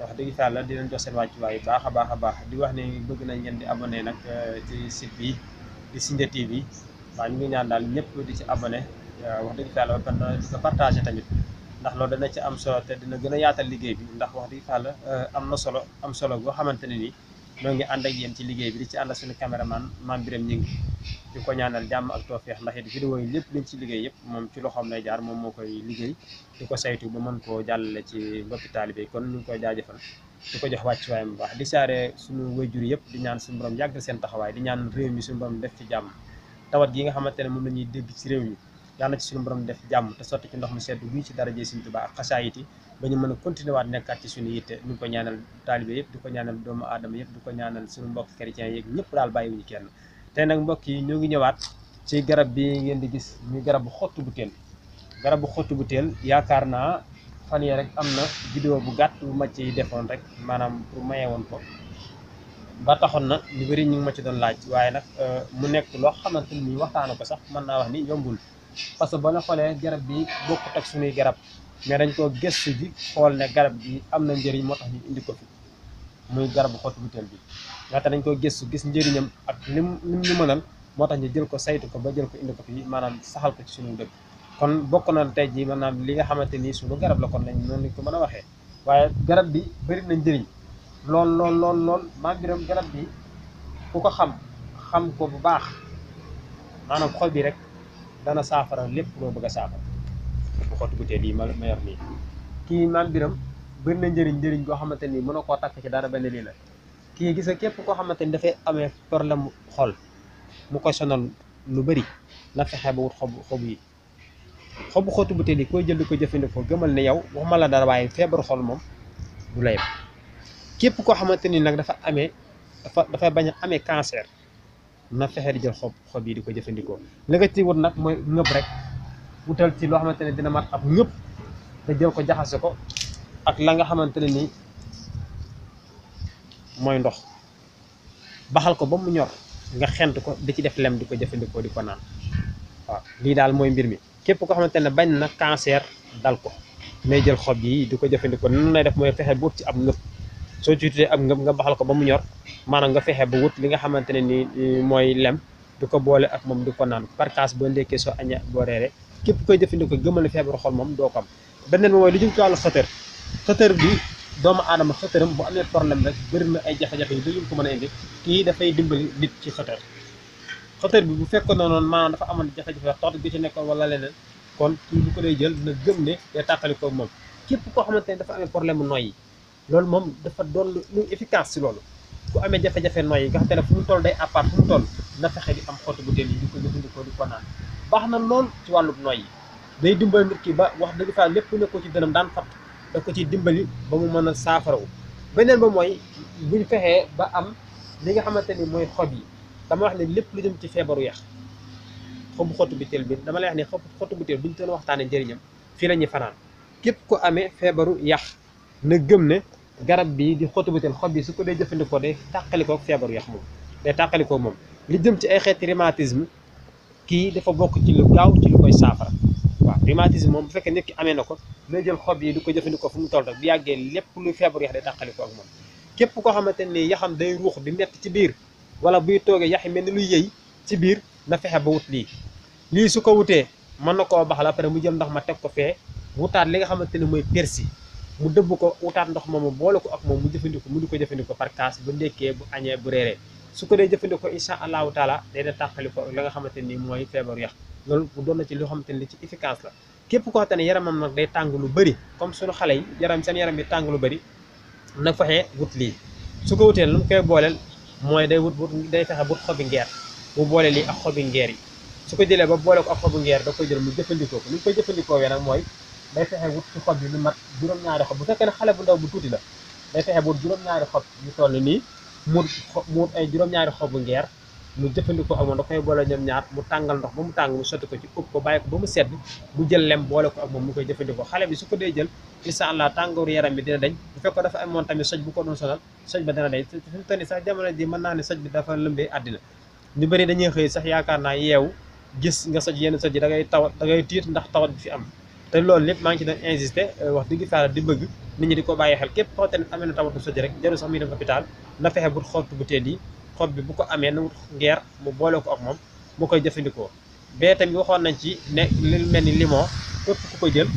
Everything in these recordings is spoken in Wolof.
wax dëgg fa yàlla di leen jox seen wàccuwaay yu baax a baax a baax di wax ne bëgg nañ ngeen di abonné nag euh, ci site bi di Sindia bi waaw ñu ngi ñaan daal ñëpp di ci abonné wax dëgg fa yàlla ba nga partagé tamit ndax loolu dana ci am solo te dina gën a yaatal liggéey bi ndax wax dëgg fa yàlla euh, am na solo am solo boo xamante ne nii. ñoo ngi ànd ak yéen ci liggéey bi di ci ànd ak suñu caméraman Mame Birame Gningue di ko ñaanal jàmm ak toofeex ndax it vidéo yi lépp liñ ci liggéey yëpp moom ci loxoom lay jaar moom moo koy liggéey di ko saytu ba mën koo jàllale ci mbokki taalibe kon nu ñu ngi koy jaajëfal di ko jox wàcc waayam bu baax di saare suñu wayjur yëpp di ñaan suñu borom yàggal seen taxawaay di ñaan réew mi suñu borom def ci jàmm tawat gi nga xamante ne moom la ñuy dégg réew mi yalla ci suñu borom def jamm te sotti ci ndox mu seddu bii ci dara jee Sëriñ Tuubaa ak xasaayit yi ba continuer wat nekkaat ci suñu yitte ñu ko ñaanal talibé yépp di ñaanal doomu adam yépp di ñaanal suñu mbokk yépp ñepp dal daal bàyyiwuñu kenn tay nak mbokk yi ñu ngi ñëwaat ci garab bi ngeen di gis muy garabu xottu bu garab garabu xottu bu teel yaakaar fan yee rek amna vidéo bu gatt bu ma ci defoon rek manam pour maye won ko ba taxon na ñu bari ñu ma ci doon laaj waye nak euh, mu nekk lo xamanteni waxtaanu ko sax man na wax ni yombul parce que ba ñu xoolee garab bi bokkut ak suñuy garab mais dañ koo gëstu ji xool ne garab bi am na njëriñ moo tax ñu indi ko fi muy garabu xottu butéel bi ñaata nañ koo gëstu gis njëriñam ak lim lim ñu mënal moo tax ñu jël ko saytu ko ba jël ko indi ko fi maanaam saxal ko ci suñu dëkk kon bokk na tey jii maanaam li nga xamante ni suñu garab la kon lañ noonu lañ ko mën a waxee waaye garab bi bari na njëriñ lool lool lool lool maa biram garab bi ku ko xam xam ko bu baax maanaam xol bi rek dana saafara lépp loo bëgg a saafara bu xottu butéel yi ma ma yor nii kii maam biram bëri na njëriñ njëriñ boo xamante ni mën na koo takk ci dara benn lii la kii gis nga képp koo xamante ni dafay amee problème xol mu koy sonal lu bëri na fexe ba wut xobu yi xobu xottu butéel yi koy jël ko jëfandikoo gëmal ne yow waxuma la dara waaye feebaru xol moom du la yem képp koo xamante ni nag dafa amee dafa dafay bañ a amee cancer na fexé di jël xob xob yi di ko jëfandikoo la nga ci wut nak moy ngëb rek wutal ci lo xamanteni dina mat ab ngëb te jël ko jaxase ko ak la nga xamanteni ni moy ndox baxal ko ba mu ñor nga xent ko di ci def lem di ko diko di ko naan wa li dal moy mbir mi képp ko xamanteni bañ na cancer dal ko may jël xob yi diko jëfëndiko nan lay def moy fexé bu ci ab ngëb soo ci tuddee ab nga baxal ko ba mu ñor maanaam nga fexe ba wut li nga xamante ne ni mooy lem du ko boole ak moom du ko naan parkaas boo ndekkee soo aña boo reere képp koy jëfandikoo gëmal ne feebaru moom doo ko am beneen bi mooy lu jëm ci wàllu xëtër bi doomu aadama xëtëram bu amee problème rek bëri na ay jafe-jafe ko mën a indi kii dafay dimbali nit ci xëtër xëtër bi bu fekkoon na noonu maanaam dafa amoon jafe-jafe toot gi ci nekkoon wala leneen kon kii ko dee jël dina gëm ne day tàqali ko moom képp koo xamante ne dafa amee problème yi loolu moom dafa doon lu efficace si loolu ku amee jafe-jafe nooyi nga xam te ne fu mu toll day appart fu mu toll na fexe di am xottu butéel yi di ko jëfandikoo di ko naan baax na lool ci wàllub nooyi day dimbali nit ki ba wax dëgg fa lépp nekkoo ci dënam daan fat da ko ciy dimbali ba mu mën a saafarawu beneen ba mooy buñ fexee ba am li nga xamante ni mooy xob yi dama wax ne lépp lu jëm ci feebaru yax xobu xottu butéel bi dama lay wax ne xobu xottu butéel buñ doon waxtaanee njëriñam fii la ñuy fanaan képp ku amee feebaru yax na gëm ne garab bi di xotubatal xob bi su ko day jëfandikoo day takaliko ak febar yax moom day takaliko mom li jëm ci ay xeeti rhumatisme ki dafa bok ci lu gaaw ci lu koy safara wa rhumatisme mom bu fekkee nit ki amé nako lay jël xob yi di ko jëfandikoo fu mu toll rek bu yàggee lépp luy feebaru yax day takaliko ak mom képp ko xamanteni ni yaxam day ruux di mett ci biir wala buy toge yax yi mel ni luy yëy ci biir na fexe ba wut li li su ko wuté man nako koo baxal après mu jël ndax ma tek ko fe wutaat li nga xamanteni moy persi mu dëbb ko wutaat ndox moomu boole ko ak moom mu jëfandikoo mu di ko jëfandikoo par kaas bu ndekkee bu añee bu reeree su ko dee jëfandikoo incha allahu taala day da tàqali ko la nga ni mooy feebaru yax loolu doon na ci loo xamante ni li ci efficace la képp koo xam ne yaramam nag day tàng lu bëri comme suñu xale yi yaram seen bi tàng lu na fexe wut lii su ko wutee lu booleel mooy day wut wut day fexe wut xobi ngeer mu boole ak xobi ngeer su ko jëlee ba boole ko ak da koy jël mu jëfandikoo ko li mu koy jëfandikoo wee mooy day fexe wut ci xob yi lu mat juróom-ñaari xob bu fekkee ne xale bu ndaw bu tuuti la day fexe wut juróom-ñaari xob yu toll nii muur muur ay juróom-ñaari xobu ngeer mu jëfandikoo amoon da koy boole ñoom ñaar mu tàngal ndox ba mu tàng mu sotti ko ci ëpp ko bàyyi ko ba mu sedd mu jël lem boole ko ak moom mu koy jëfandikoo xale bi su ko dee jël insha allah tàngooru yaram bi dina dañ bu fekkoon dafa amoon tamit soj bu ko doon sonal soj ba dina dañ fi mu sax jamono ji mën naa ne soj bi dafa lëmbee àddina ñu bëri dañuy xëy sax yaakaar naa yeewu gis nga soj yenn soj yi da ngay taw da ngay tiit ndax tawat bi fi am te loolu lépp maa ngi ci doon insisté euh, wax dëgg faala di bëgg nit ñi di ko bàyyi xel képp xoote ne amee na tawatu soj rek jarul sax muy dem hôpital na fexe bu xottu bu teel yi xob bi bu ko amee na ngeer mu boole ko ak moom mu koy jëfandikoo bee tamit waxoon nañ ci ne li mel ni limon képp ku jël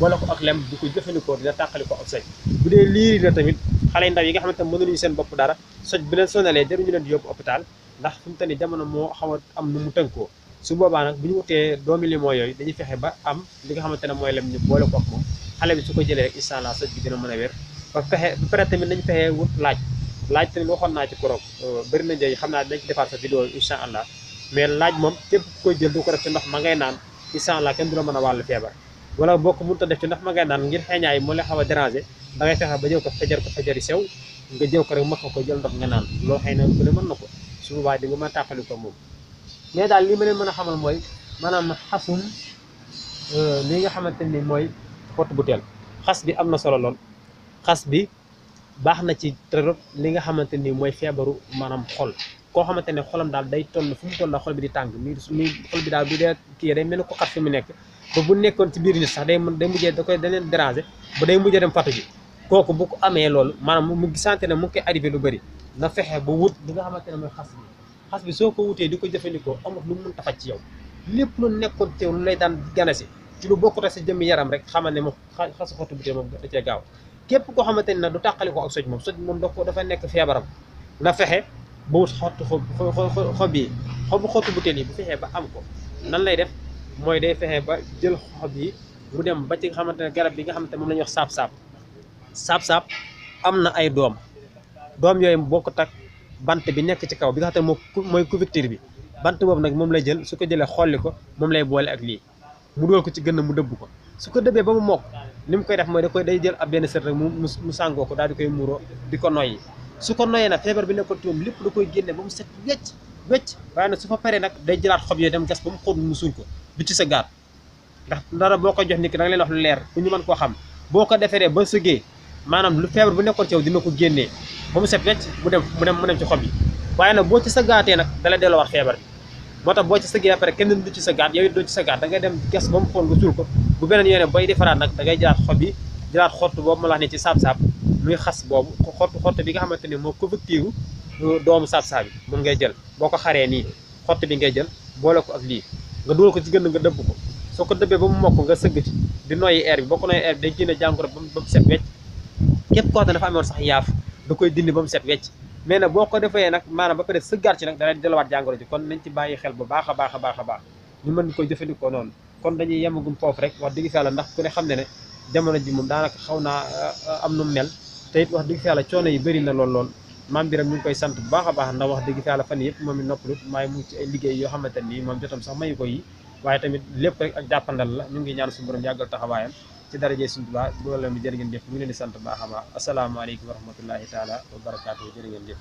boole ko ak lem bu ko jëfandikoo dina tàqali ko ak soj bu dee liiri la tamit xale yu ndaw yi nga xamante ne mënuñu seen bopp dara soj bi leen sonalee jaruñu leen di yóbbu hôpital ndax fi mu toll jamono moo xaw a am nu mu tënkoo su boobaa nag bu ñu wutee doomi limon yooyu dañuy fexe ba am li nga xamante ne mooy lem ñu boole ko ak moom xale bi su ko jëlee rek incha allah soj bi dina mën a wér ba fexe ba pare tamit laaj laaj tamit waxoon naa ci koroog euh, bëri na njëriñ xam naa dinañ defaat sa vidéo incha allah mais laaj moom képp ku jël du ko def ci ma ngay naan incha allah kenn du la mën a wàllu feebar wala bokk mënut def ci ndox ma ngay naan ngir xeeñaay moo lay xaw a déranger da ngay ba jël ko fajar ko fajar yi sew nga jël ko rek mak ko jël ndox nga naan loo xëy na mën na ko su boobaa di nga mën a ko moom mais dal li ma meuna xamal moy manam mooy euh li nga xamanteni moy mooy porte bouteille xas bi amna solo lol xas bi baxna ci trop li nga xamanteni moy febaru manam xol ko xamanteni xolam dal day tollu fu mu toll xol bi di tàng mi mi xol bi dal bi dee ki day mel ko xat fi mu nek ba bu nekkon ci bir ni sax day day mujjé da koy dalen déranger ba day mujjé dem fatu ji koku bu ko amé lol manam mu gisante ne mu ngi arrivé lu bari na fexe bu wut li nga xamanteni moy mooy bi xas bi soo ko wutee di ko jëfandikoo amut lu mun tafaj ci yow lépp lu nekkoon ci yow lu lay daan ganesi ci lu bokkut ak sa jëmmi yaram rek xamal ne moom xasu xottu butéel gaaw képp koo xamante ne du tàqali ko ak soj moom soj moom da ko dafa nekk feebaram na fexe ba wut xottu xob yi xobu xottu butéel yi ba am ko nan lay def mooy day fexe ba jël xob yi mu dem ba ci nga xamante ne garab bi nga xamante moom la ñuy wax saab-saab saab-saab am na ay doom doom yooyu boo ko takk bant bi nekk ci kaw bi nga xam te mooy couverture bi bant boobu nag moom lay jël su ko jëlee xolli ko moom lay boole ak lii mu dool ko ci gën mu dëbb ko su ko dëbbee ba mu mokk ni mu koy def mooy da koy day jël ab benn sër rek mu mu sàngoo ko daal di koy muuroo di ko noyyi su ko noyee nag feebar bi nekkoon ci moom lépp da koy génne ba mu set wecc wecc waaye nag su fa paree nag day jëlaat xob yooyu dem gas ba mu xóot mu suul ko du ci sa gaat ndax dara boo ko jox nit ki da nga leen wax lu leer bu ñu mën koo xam boo ko deferee ba sëgee maanaam lu feebar bu nekkoon ci yow dina ko génnee ba mu set wecc mu dem mu dem mu dem ci xob yi waaye nag boo ci sëggaatee nag dala delloowaat feebar bi moo tax boo ci sëggee après kenn du ci sëggaat yow it doo ci sëggaat da ngay dem gas ba mu xool nga suul ko bu beneen yoone bay defaraat nag da ngay jëlaat xob yi jëlaat xott boobu ma la wax ne ci saab-saab muy xas boobu xott xott bi nga xamante ne moo couverture doomu saab-saab bi moom ngay jël boo ko xaree nii xott bi ngay jël boole ko ak lii nga dugal ko ci gën nga dëbb ko soo ko dëbbee ba mu mokk nga sëgg ci di noyyi air bi boo ko noyyi air bi day génne jàngoro ba mu set wecc képp koo xam ne dafa amoon sax yaaf da koy dindi ba mu set wecc mais boo ko defee nag maanaam ba pare sëggaat ci nag dana delluwaat jàngoro ji kon nañ ci bàyyi xel bu baax a baax a baax a baax ñu mën kon dañuy yemagum foofu rek wax dëgg fi ndax ku ne xam ne ne jamono ji moom daanaka xaw naa euh, am nu mel te it wax dëgg fi yàlla coono yi bëri na lool lool maam biram ñu ngi koy sant bu baax a baax ndax wax dëgg fi yàlla fan yëpp moom i noppalut maay mu ci ay liggéey yoo xamante nii moom jotam sax mayu ko yi waaye tamit lépp rek ak jàppandal la ñu ngi ñaan suñu borom yàggal ci daraje Sëriñ Tuubaa mbooloo mi jërë ngeen jëf ñu ngi leen sant baax a baax asalaamaaleykum wa rahmatullahi taala wa barakaatu jërë ngeen jëf